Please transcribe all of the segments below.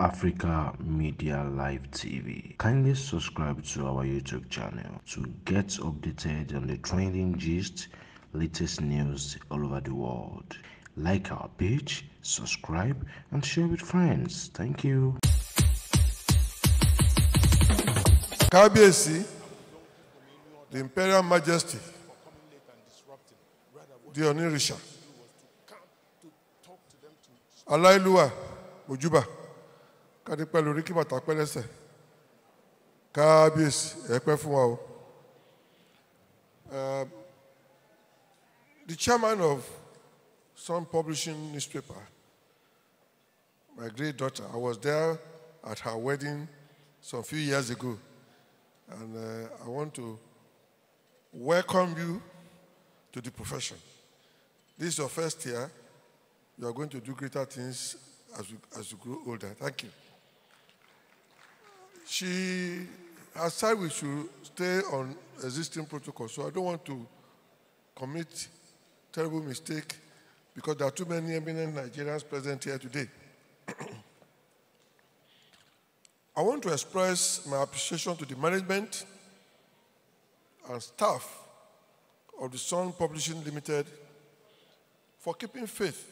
Africa Media Live TV. Kindly subscribe to our YouTube channel to get updated on the trending gist, latest news all over the world. Like our page, subscribe, and share with friends. Thank you. Kábíyèsí, the Imperial Majesty, the Onirisha, Alailuwa, Ojuba pẹ́ lórí kí bàtà pẹ́ lẹ́sẹ̀ kábíyèsí ẹ pẹ́ fún wa o. Um, the chairman of some publishing newspaper, my great daughter, I was there at her wedding some few years ago, and uh, I want to welcome you to the profession. This is your first year. You are going to do greater things as you, as you grow older. Thank you. She has said we should stay on existing protocol. So I don't want to commit terrible mistake because there are too many eminent Nigerians present here today. I want to express my appreciation to the management and staff of the Sun Publishing Limited for keeping faith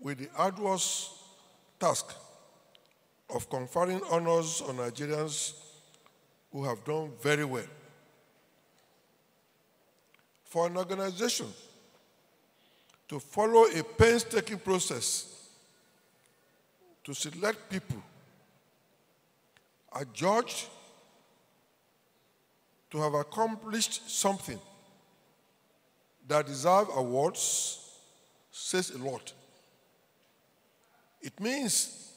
with the arduous task of conferring honors on Nigerians who have done very well. For an organization to follow a painstaking process to select people are judged to have accomplished something that deserve awards says a lot. It means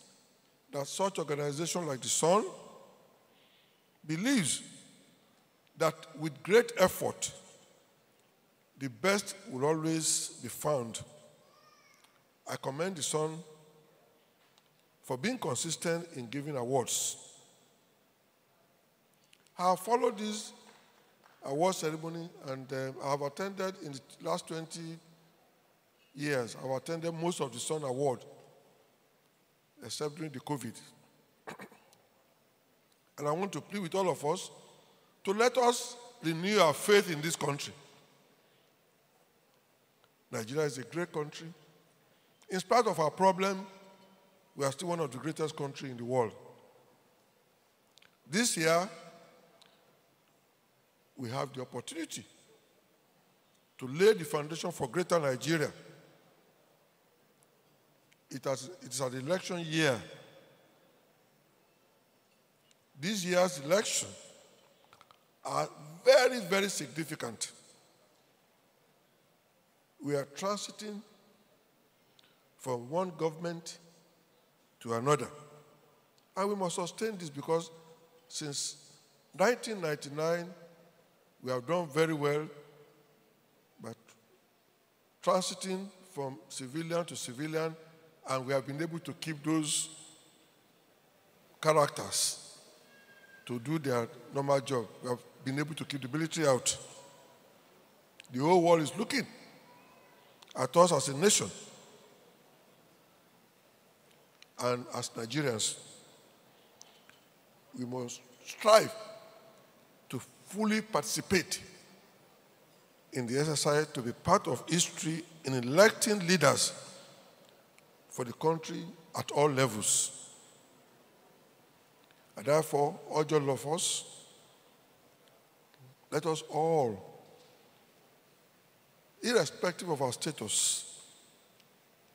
that such organization like the Sun believes that with great effort, the best will always be found. I commend the Sun for being consistent in giving awards. I have followed this award ceremony and uh, I have attended in the last 20 years, I've attended most of the Sun Award except during the COVID. and I want to plead with all of us to let us renew our faith in this country. Nigeria is a great country. In spite of our problem, we are still one of the greatest countries in the world. This year, we have the opportunity to lay the foundation for greater Nigeria it, has, it is an election year. This year's election are very, very significant. We are transiting from one government to another. And we must sustain this because since 1999, we have done very well by transiting from civilian to civilian and we have been able to keep those characters to do their normal job. We have been able to keep the military out. The whole world is looking at us as a nation and as Nigerians. We must strive to fully participate in the exercise to be part of history in electing leaders for the country at all levels. And therefore, all of us, let us all, irrespective of our status,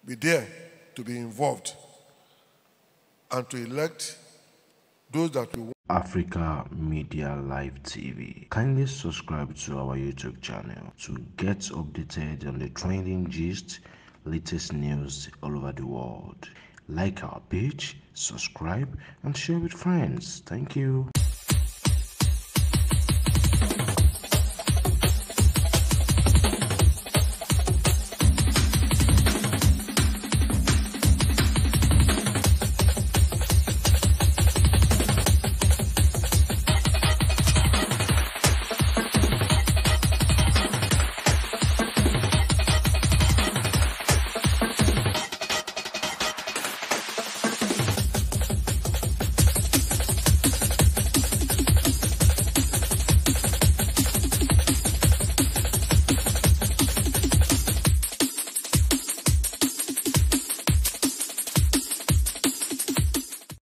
be there to be involved and to elect those that we want. Africa Media Live TV. Kindly subscribe to our YouTube channel to get updated on the trending gist latest news all over the world. Like our page, subscribe and share with friends. Thank you.